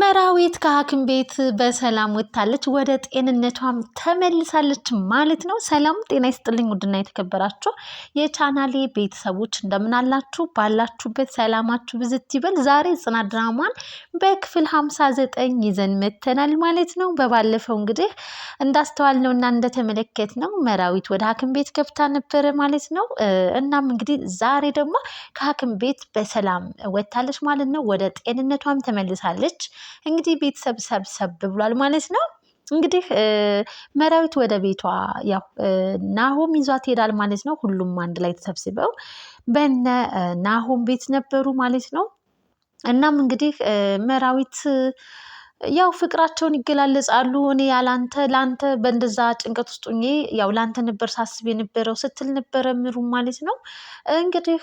መራዊት ከሐኪም ቤት በሰላም ወጥታለች፣ ወደ ጤንነቷም ተመልሳለች ማለት ነው። ሰላም ጤና ይስጥልኝ ውድና የተከበራችሁ የቻናሌ ቤተሰቦች እንደምናላችሁ፣ ባላችሁበት ሰላማችሁ ብዝት ይበል። ዛሬ ጽናት ድራማን በክፍል ሀምሳ ዘጠኝ ይዘን መተናል ማለት ነው። በባለፈው እንግዲህ ነው እና ነው መራዊት ወደ ሐኪም ቤት ገብታ ነበረ ማለት ነው። እናም እንግዲህ ዛሬ ደግሞ ከሐኪም ቤት በሰላም ወጥታለች ማለት ነው። ወደ ጤንነቷም ተመልሳለች። እንግዲህ ቤተሰብ ሰብሰብ ብሏል ማለት ነው። እንግዲህ መራዊት ወደ ቤቷ ያው ናሆም ይዟት ይሄዳል ማለት ነው። ሁሉም አንድ ላይ ተሰብስበው በነ ናሆም ቤት ነበሩ ማለት ነው። እናም እንግዲህ መራዊት ያው ፍቅራቸውን ይገላለጻሉ። እኔ ያላንተ ላንተ በእንደዛ ጭንቀት ውስጥ ሆኜ ያው ላንተ ነበር ሳስብ የነበረው ስትል ነበረ ምሩ ማለት ነው። እንግዲህ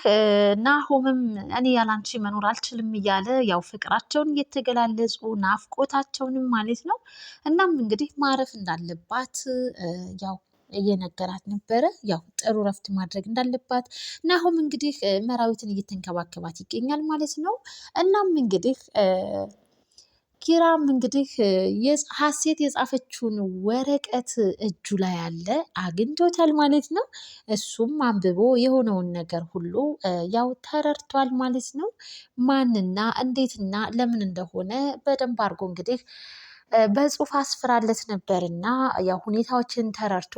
ናሆምም እኔ ያላንቺ መኖር አልችልም እያለ ያው ፍቅራቸውን እየተገላለጹ ናፍቆታቸውንም ማለት ነው። እናም እንግዲህ ማረፍ እንዳለባት ያው እየነገራት ነበረ። ያው ጥሩ ረፍት ማድረግ እንዳለባት ናሆም እንግዲህ መራዊትን እየተንከባከባት ይገኛል ማለት ነው። እናም እንግዲህ ኪራም እንግዲህ ሀሴት የጻፈችውን ወረቀት እጁ ላይ አለ አግኝቶታል ማለት ነው። እሱም አንብቦ የሆነውን ነገር ሁሉ ያው ተረድቷል ማለት ነው። ማንና እንዴትና ለምን እንደሆነ በደንብ አድርጎ እንግዲህ በጽሁፍ አስፍራለት ነበርና ያው ሁኔታዎችን ተረድቶ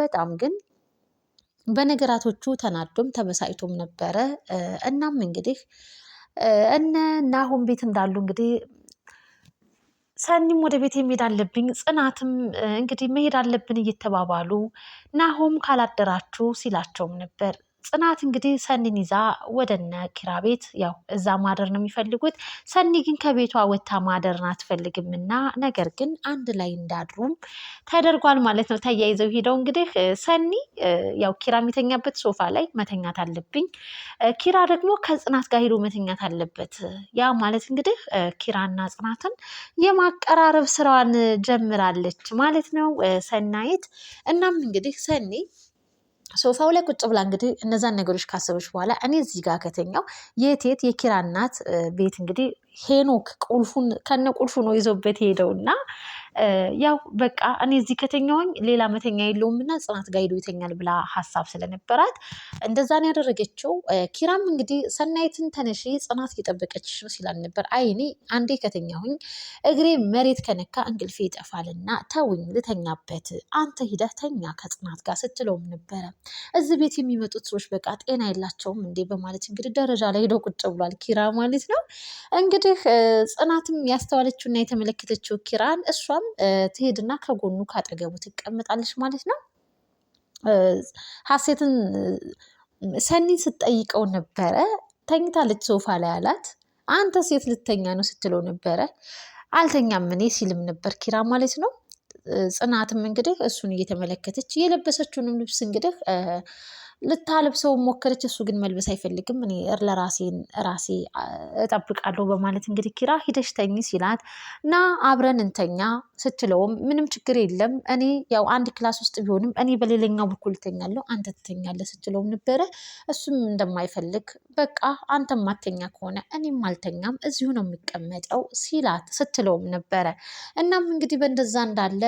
በጣም ግን በነገራቶቹ ተናዶም ተበሳጭቶም ነበረ። እናም እንግዲህ እነ አሁን ቤት እንዳሉ እንግዲህ ሰኒም ወደ ቤት መሄድ አለብኝ፣ ጽናትም እንግዲህ መሄድ አለብን እየተባባሉ ናሆም ካላደራችሁ ሲላቸውም ነበር። ጽናት እንግዲህ ሰኒን ይዛ ወደነ ኪራ ቤት ያው እዛ ማደር ነው የሚፈልጉት። ሰኒ ግን ከቤቷ ወታ ማደርን አትፈልግም እና ነገር ግን አንድ ላይ እንዳድሩም ተደርጓል ማለት ነው። ተያይዘው ሄደው እንግዲህ ሰኒ ያው ኪራ የሚተኛበት ሶፋ ላይ መተኛት አለብኝ፣ ኪራ ደግሞ ከጽናት ጋር ሄዶ መተኛት አለበት። ያ ማለት እንግዲህ ኪራና ጽናትን የማቀራረብ ስራዋን ጀምራለች ማለት ነው ሰናይት። እናም እንግዲህ ሰኒ ሶፋው ላይ ቁጭ ብላ እንግዲህ እነዛን ነገሮች ካሰበች በኋላ እኔ እዚህ ጋር ከተኛው የቴት የኪራ እናት ቤት እንግዲህ ሄኖክ ቁልፉን ከነ ቁልፉ ነው ይዞበት ሄደውና ያው በቃ እኔ እዚህ ከተኛሁኝ ሌላ መተኛ የለውም እና ጽናት ጋር ሄዶ ይተኛል ብላ ሀሳብ ስለነበራት እንደዛ ነው ያደረገችው። ኪራም እንግዲህ ሰናይትን ተነሺ ጽናት እየጠበቀችሽ ነው ሲላል ነበር። አይ እኔ አንዴ ከተኛሁኝ እግሬ መሬት ከነካ እንቅልፌ ይጠፋልና ተውኝ ልተኛበት፣ አንተ ሂደህ ተኛ ከጽናት ጋር ስትለውም ነበረ። እዚህ ቤት የሚመጡት ሰዎች በቃ ጤና የላቸውም እንዴ በማለት እንግዲህ ደረጃ ላይ ሄደው ቁጭ ብሏል ኪራ ማለት ነው። እንግዲህ ጽናትም ያስተዋለችውና የተመለከተችው ኪራን እሷም እሱም ትሄድና ከጎኑ ካጠገቡ ትቀመጣለች ማለት ነው። ሀሴትን ሰኒን ስትጠይቀው ነበረ። ተኝታለች ሶፋ ላይ አላት። አንተ ሴት ልተኛ ነው ስትለው ነበረ። አልተኛም እኔ ሲልም ነበር ኪራ ማለት ነው። ጽናትም እንግዲህ እሱን እየተመለከተች የለበሰችውንም ልብስ እንግዲህ ልታለብሰው ሞከረች። እሱ ግን መልበስ አይፈልግም። እኔ ለራሴን ራሴ እጠብቃለሁ በማለት እንግዲህ ኪራ ሂደሽ ተኝ ሲላት እና አብረን እንተኛ ስትለውም ምንም ችግር የለም እኔ ያው አንድ ክላስ ውስጥ ቢሆንም እኔ በሌላኛው በኩል እተኛለሁ አንተ ትተኛለህ ስትለውም ነበረ። እሱም እንደማይፈልግ በቃ አንተ ማተኛ ከሆነ እኔም አልተኛም እዚሁ ነው የሚቀመጠው ሲላት ስትለውም ነበረ። እናም እንግዲህ በእንደዛ እንዳለ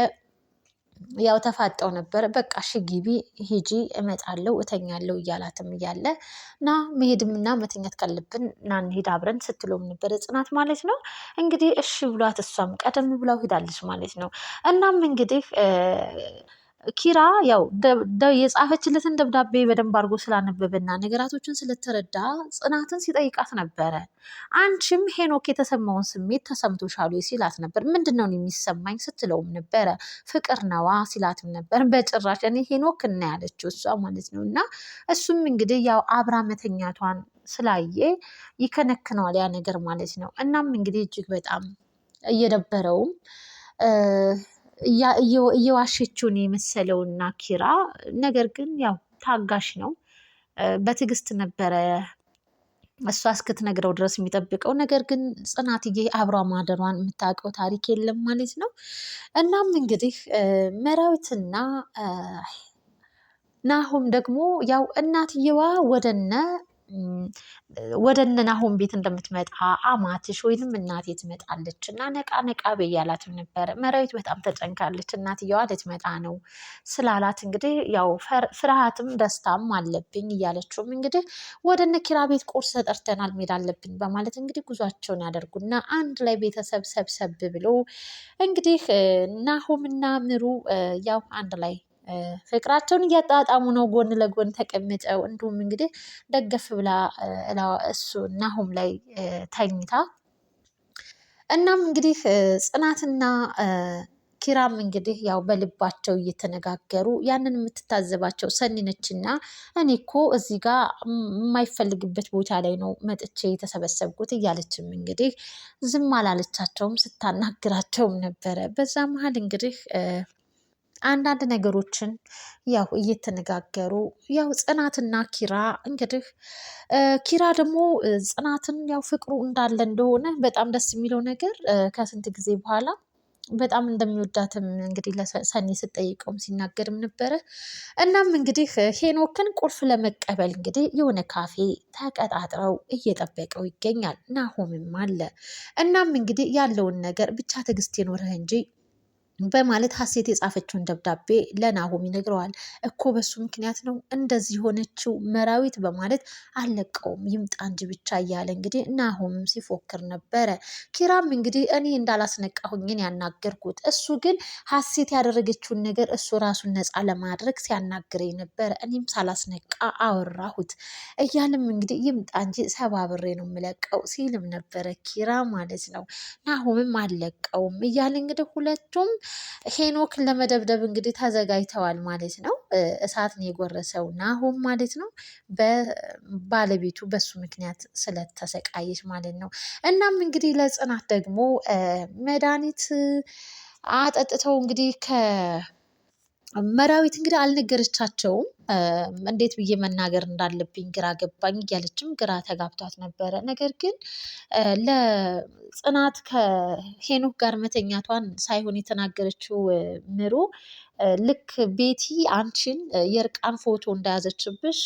ያው ተፋጠው ነበር። በቃ እሺ ግቢ ሂጂ፣ እመጣለሁ፣ እተኛለሁ እያላትም እያለ ና መሄድም እና መተኛት ካለብን ና እንሂድ አብረን ስትሎም ነበር ጽናት ማለት ነው። እንግዲህ እሺ ብሏት እሷም ቀደም ብላው ሂዳለች ማለት ነው። እናም እንግዲህ ኪራ ያው የጻፈችለትን ደብዳቤ በደንብ አድርጎ ስላነበበና ነገራቶችን ስለተረዳ ጽናትን ሲጠይቃት ነበረ። አንቺም ሄኖክ የተሰማውን ስሜት ተሰምቶሻል ሲላት ነበር። ምንድን ነው የሚሰማኝ ስትለውም ነበረ። ፍቅር ነዋ ሲላትም ነበር። በጭራሽ እኔ ሄኖክ እና ያለችው እሷ ማለት ነው። እና እሱም እንግዲህ ያው አብራ መተኛቷን ስላየ ይከነክነዋል ያ ነገር ማለት ነው። እናም እንግዲህ እጅግ በጣም እየደበረውም እየዋሸችው ነው የመሰለውና ኪራ ነገር ግን ያው ታጋሽ ነው። በትዕግስት ነበረ እሷ እስክትነግረው ድረስ የሚጠብቀው ነገር ግን ጽናትዬ አብሯ ማደሯን የምታውቀው ታሪክ የለም ማለት ነው። እናም እንግዲህ መራዊትና ናሁም ደግሞ ያው እናትየዋ ወደነ ወደ እነ ናሆም ቤት እንደምትመጣ አማትሽ ወይንም እናቴ ትመጣለች እና ነቃ ነቃ በይ አላትም ነበረ። መራዊት በጣም ተጨንቃለች። እናትየዋ ልትመጣ ነው ስላላት እንግዲህ ያው ፍርሃትም ደስታም አለብኝ እያለችውም እንግዲህ ወደ እነ ኪራ ቤት ቁርስ ተጠርተናል መሄድ አለብን በማለት እንግዲህ ጉዟቸውን ያደርጉና አንድ ላይ ቤተሰብ ሰብሰብ ብሎ እንግዲህ ናሆምና ምሩ ያው አንድ ላይ ፍቅራቸውን እያጣጣሙ ነው ጎን ለጎን ተቀምጠው እንዲሁም እንግዲህ ደገፍ ብላ እሱ ናሆም ላይ ተኝታ እናም እንግዲህ ጽናትና ኪራም እንግዲህ ያው በልባቸው እየተነጋገሩ ያንን የምትታዘባቸው ሰኒ ነችና እኔ እኮ እዚህ ጋር የማይፈልግበት ቦታ ላይ ነው መጥቼ የተሰበሰብኩት እያለችም እንግዲህ ዝም አላለቻቸውም፣ ስታናግራቸውም ነበረ። በዛ መሀል እንግዲህ አንዳንድ ነገሮችን ያው እየተነጋገሩ ያው ጽናትና ኪራ እንግዲህ ኪራ ደግሞ ጽናትን ያው ፍቅሩ እንዳለ እንደሆነ በጣም ደስ የሚለው ነገር ከስንት ጊዜ በኋላ በጣም እንደሚወዳትም እንግዲህ ለሰኒ ስጠይቀውም ሲናገርም ነበረ። እናም እንግዲህ ሄኖክን ቁልፍ ለመቀበል እንግዲህ የሆነ ካፌ ተቀጣጥረው እየጠበቀው ይገኛል። ናሆምም አለ። እናም እንግዲህ ያለውን ነገር ብቻ ትዕግስት ይኖርህ እንጂ በማለት ሀሴት የጻፈችውን ደብዳቤ ለናሆም ይነግረዋል። እኮ በሱ ምክንያት ነው እንደዚህ የሆነችው መራዊት በማለት አለቀውም ይምጣ እንጂ ብቻ እያለ እንግዲህ ናሆምም ሲፎክር ነበረ። ኪራም እንግዲህ እኔ እንዳላስነቃሁኝን ያናገርኩት እሱ ግን ሀሴት ያደረገችውን ነገር እሱ ራሱን ነፃ ለማድረግ ሲያናግረኝ ነበረ፣ እኔም ሳላስነቃ አወራሁት እያልም እንግዲህ ይምጣ እንጂ ሰባብሬ ነው የምለቀው ሲልም ነበረ ኪራ ማለት ነው። ናሆምም አለቀውም እያለ እንግዲህ ሁለቱም ሄኖክን ለመደብደብ እንግዲህ ተዘጋጅተዋል ማለት ነው። እሳትን የጎረሰው ናሆም ማለት ነው በባለቤቱ በሱ ምክንያት ስለተሰቃየች ማለት ነው። እናም እንግዲህ ለጽናት ደግሞ መድኃኒት አጠጥተው እንግዲህ ከ መራዊት እንግዲህ አልነገረቻቸውም። እንዴት ብዬ መናገር እንዳለብኝ ግራ ገባኝ እያለችም ግራ ተጋብቷት ነበረ። ነገር ግን ለጽናት ከሄኖክ ጋር መተኛቷን ሳይሆን የተናገረችው ምሩ ልክ ቤቲ አንቺን የእርቃን ፎቶ እንደያዘችብሽ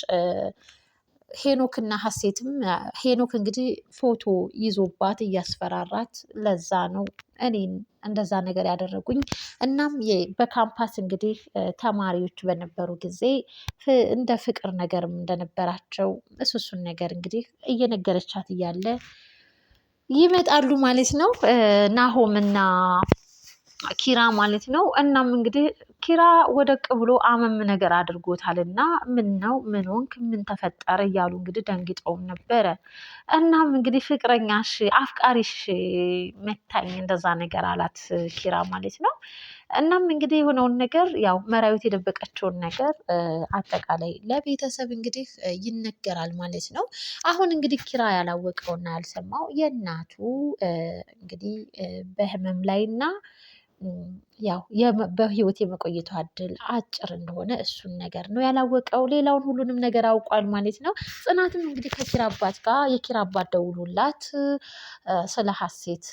ሄኖክና ሀሴትም ሄኖክ እንግዲህ ፎቶ ይዞባት እያስፈራራት ለዛ ነው እኔን እንደዛ ነገር ያደረጉኝ። እናም በካምፓስ እንግዲህ ተማሪዎች በነበሩ ጊዜ እንደ ፍቅር ነገርም እንደነበራቸው እሱሱን ነገር እንግዲህ እየነገረቻት እያለ ይመጣሉ ማለት ነው እና ኪራ ማለት ነው። እናም እንግዲህ ኪራ ወደቅ ብሎ አመም ነገር አድርጎታል እና ምን ነው ምን ሆንክ ምን ተፈጠረ እያሉ እንግዲህ ደንግጠውም ነበረ። እናም እንግዲህ ፍቅረኛሽ አፍቃሪሽ መታኝ እንደዛ ነገር አላት ኪራ ማለት ነው። እናም እንግዲህ የሆነውን ነገር ያው መራዊት የደበቀችውን ነገር አጠቃላይ ለቤተሰብ እንግዲህ ይነገራል ማለት ነው። አሁን እንግዲህ ኪራ ያላወቀውና ያልሰማው የእናቱ እንግዲህ በህመም ላይ እና ያው በህይወት የመቆየቷ እድል አጭር እንደሆነ እሱን ነገር ነው ያላወቀው። ሌላውን ሁሉንም ነገር አውቋል ማለት ነው። ጽናትም እንግዲህ ከኪራ አባት ጋር የኪራ አባት ደውሎላት ስለ ሀሴት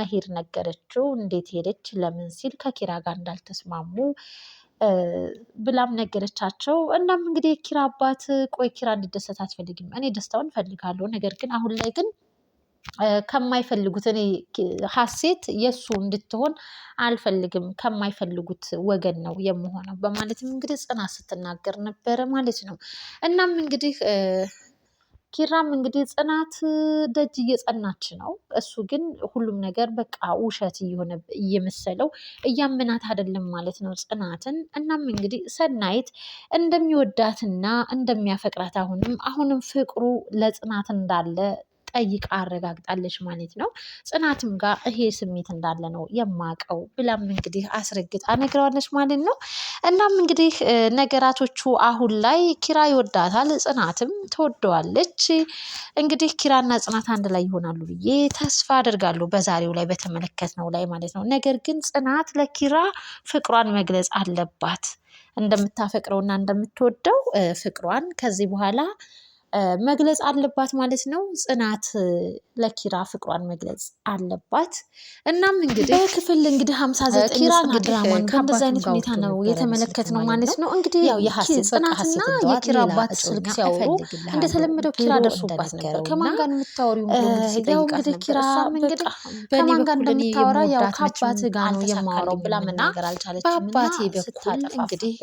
መሄድ ነገረችው። እንዴት ሄደች ለምን ሲል ከኪራ ጋር እንዳልተስማሙ ብላም ነገረቻቸው። እናም እንግዲህ የኪራ አባት ቆይ ኪራ እንዲደሰት አትፈልግም፣ እኔ ደስታውን እፈልጋለሁ ነገር ግን አሁን ላይ ግን ከማይፈልጉት እኔ ሀሴት የእሱ እንድትሆን አልፈልግም ከማይፈልጉት ወገን ነው የምሆነው በማለትም እንግዲህ ጽናት ስትናገር ነበረ ማለት ነው። እናም እንግዲህ ኪራም እንግዲህ ጽናት ደጅ እየጸናች ነው። እሱ ግን ሁሉም ነገር በቃ ውሸት እየሆነ እየመሰለው እያመናት አይደለም ማለት ነው ጽናትን። እናም እንግዲህ ሰናይት እንደሚወዳትና እንደሚያፈቅራት አሁንም አሁንም ፍቅሩ ለጽናት እንዳለ ጠይቃ አረጋግጣለች ማለት ነው። ጽናትም ጋር ይሄ ስሜት እንዳለ ነው የማቀው ብላም እንግዲህ አስረግጣ ነግረዋለች ማለት ነው። እናም እንግዲህ ነገራቶቹ አሁን ላይ ኪራ ይወዳታል፣ ጽናትም ትወደዋለች። እንግዲህ ኪራና ጽናት አንድ ላይ ይሆናሉ ብዬ ተስፋ አደርጋለሁ በዛሬው ላይ ነው ላይ ማለት ነው። ነገር ግን ጽናት ለኪራ ፍቅሯን መግለጽ አለባት እንደምታፈቅረውና እንደምትወደው ፍቅሯን ከዚህ በኋላ መግለጽ አለባት ማለት ነው። ጽናት ለኪራ ፍቅሯን መግለጽ አለባት። እናም እንግዲህ በክፍል እንግዲህ ሀምሳ ዘጠኝ ድራማን ከእንደዚህ አይነት ሁኔታ ነው የተመለከት ነው ማለት ነው። እንግዲህ ያው ጽናትና የኪራ አባት ስልክ ሲያወሩ እንደተለመደው ኪራ ደርሶባት ነበር። ከማን ጋር የምታወሪው? ያው እንግዲህ ኪራ እንግዲህ ከማን ጋር እንደምታወራ ያው ከአባት ጋር ነው የማወራው ብላ መናገር አልቻለችም። በአባቴ በኩል እንግዲህ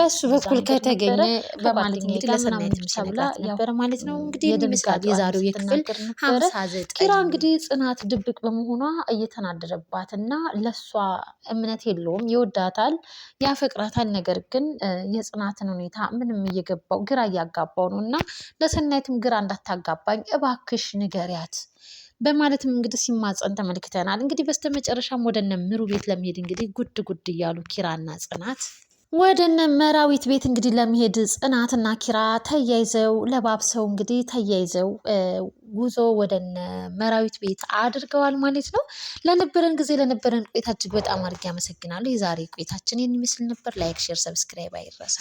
በሱ በኩል ከተገኘ በማለት እንግዲህ ለሰናይት ብላ ነበር ማለት ነው። እንግዲህ ይመስላል የዛሬው የክፍል ሀምሳ ዘጠኝ ኪራ እንግዲህ ጽናት ድብቅ በመሆኗ እየተናደረባት እና ለእሷ እምነት የለውም። ይወዳታል፣ ያፈቅራታል። ነገር ግን የጽናትን ሁኔታ ምንም እየገባው ግራ እያጋባው ነው እና ለሰናይትም ግራ እንዳታጋባኝ እባክሽ ንገሪያት በማለትም እንግዲህ ሲማጸን ተመልክተናል። እንግዲህ በስተመጨረሻም ወደ እነ ምሩ ቤት ለመሄድ እንግዲህ ጉድ ጉድ እያሉ ኪራና ጽናት ወደነ መራዊት ቤት እንግዲህ ለመሄድ ጽናትና ኪራ ተያይዘው ለባብሰው እንግዲህ ተያይዘው ጉዞ ወደነ መራዊት ቤት አድርገዋል ማለት ነው። ለነበረን ጊዜ ለነበረን ቆይታ እጅግ በጣም አድርጌ አመሰግናለሁ። የዛሬ ቆይታችን ይህን ይመስል ነበር። ላይክ፣ ሼር፣ ሰብስክራይብ አይረሳ።